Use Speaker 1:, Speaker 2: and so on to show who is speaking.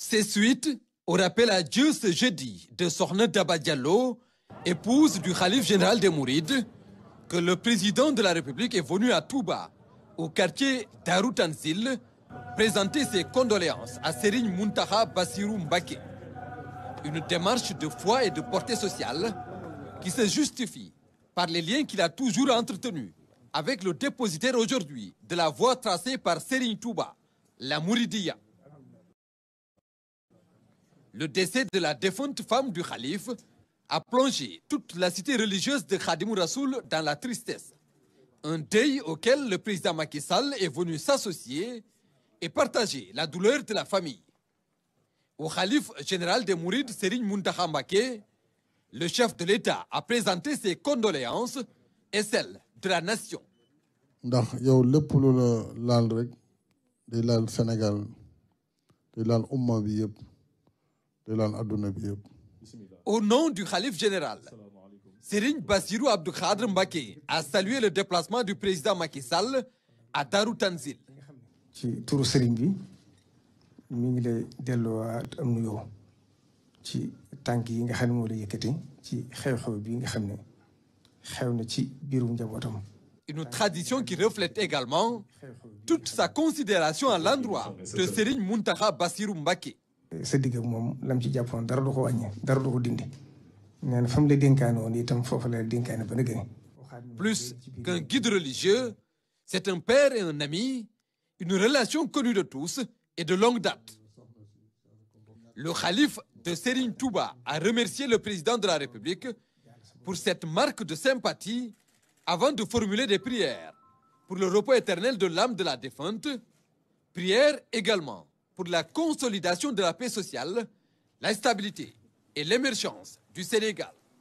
Speaker 1: C'est suite au rappel à Dieu ce jeudi de Sorna Daba Diallo, épouse du Khalif général des Mourides, que le président de la République est venu à Touba, au quartier Darou Tanzil, présenter ses condoléances à Serigne Muntaha Bassirou Mbaké. Une démarche de foi et de portée sociale qui se justifie par les liens qu'il a toujours entretenus avec le dépositaire aujourd'hui de la voie tracée par Serigne Touba, la Mouridia. Le décès de la défunte femme du calife a plongé toute la cité religieuse de Khadimou Rassoul dans la tristesse. Un deuil auquel le président Macky Sall est venu s'associer et partager la douleur de la famille. Au calife général des Mourides, Serigne Mountakha Mbacké, le chef de l'État a présenté ses condoléances et celles de la nation.
Speaker 2: ndax yow lépp lu la laal rek day laal Sénégal di laal adduna bi yëpp.
Speaker 1: Au nom du khalife général. Serigne Bassirou Abdou Khadr Mbacké a salué le déplacement du président Macky
Speaker 2: Sall à Darou Tanzil. ci turu Serigne bi mi ngi lay delloowaat am nuyoo ci tànk yi nga xam ne moo la yëkkati ci xew-xew bi nga xam ne xew na ci biirum njabootam.
Speaker 1: Une tradition qui reflète également toute sa considération à l'endroit de Serigne Mountakha Bassirou
Speaker 2: Mbacké. sa digg moom lam ci jàppoon dara du ko wàññi dara dindi nee na fa mu la dénkaane woon itam foofu
Speaker 1: plus qu'un guide religieux c'est un père et un ami une relation connue de tous et de longue date le khalife de Serigne a remercié le président de la République pour cette marque de sympathie avant de formuler des prières pour le repos éternel de l'âme de la défunte prière également pour la consolidation de la paix sociale, la stabilité et l'émergence du Sénégal.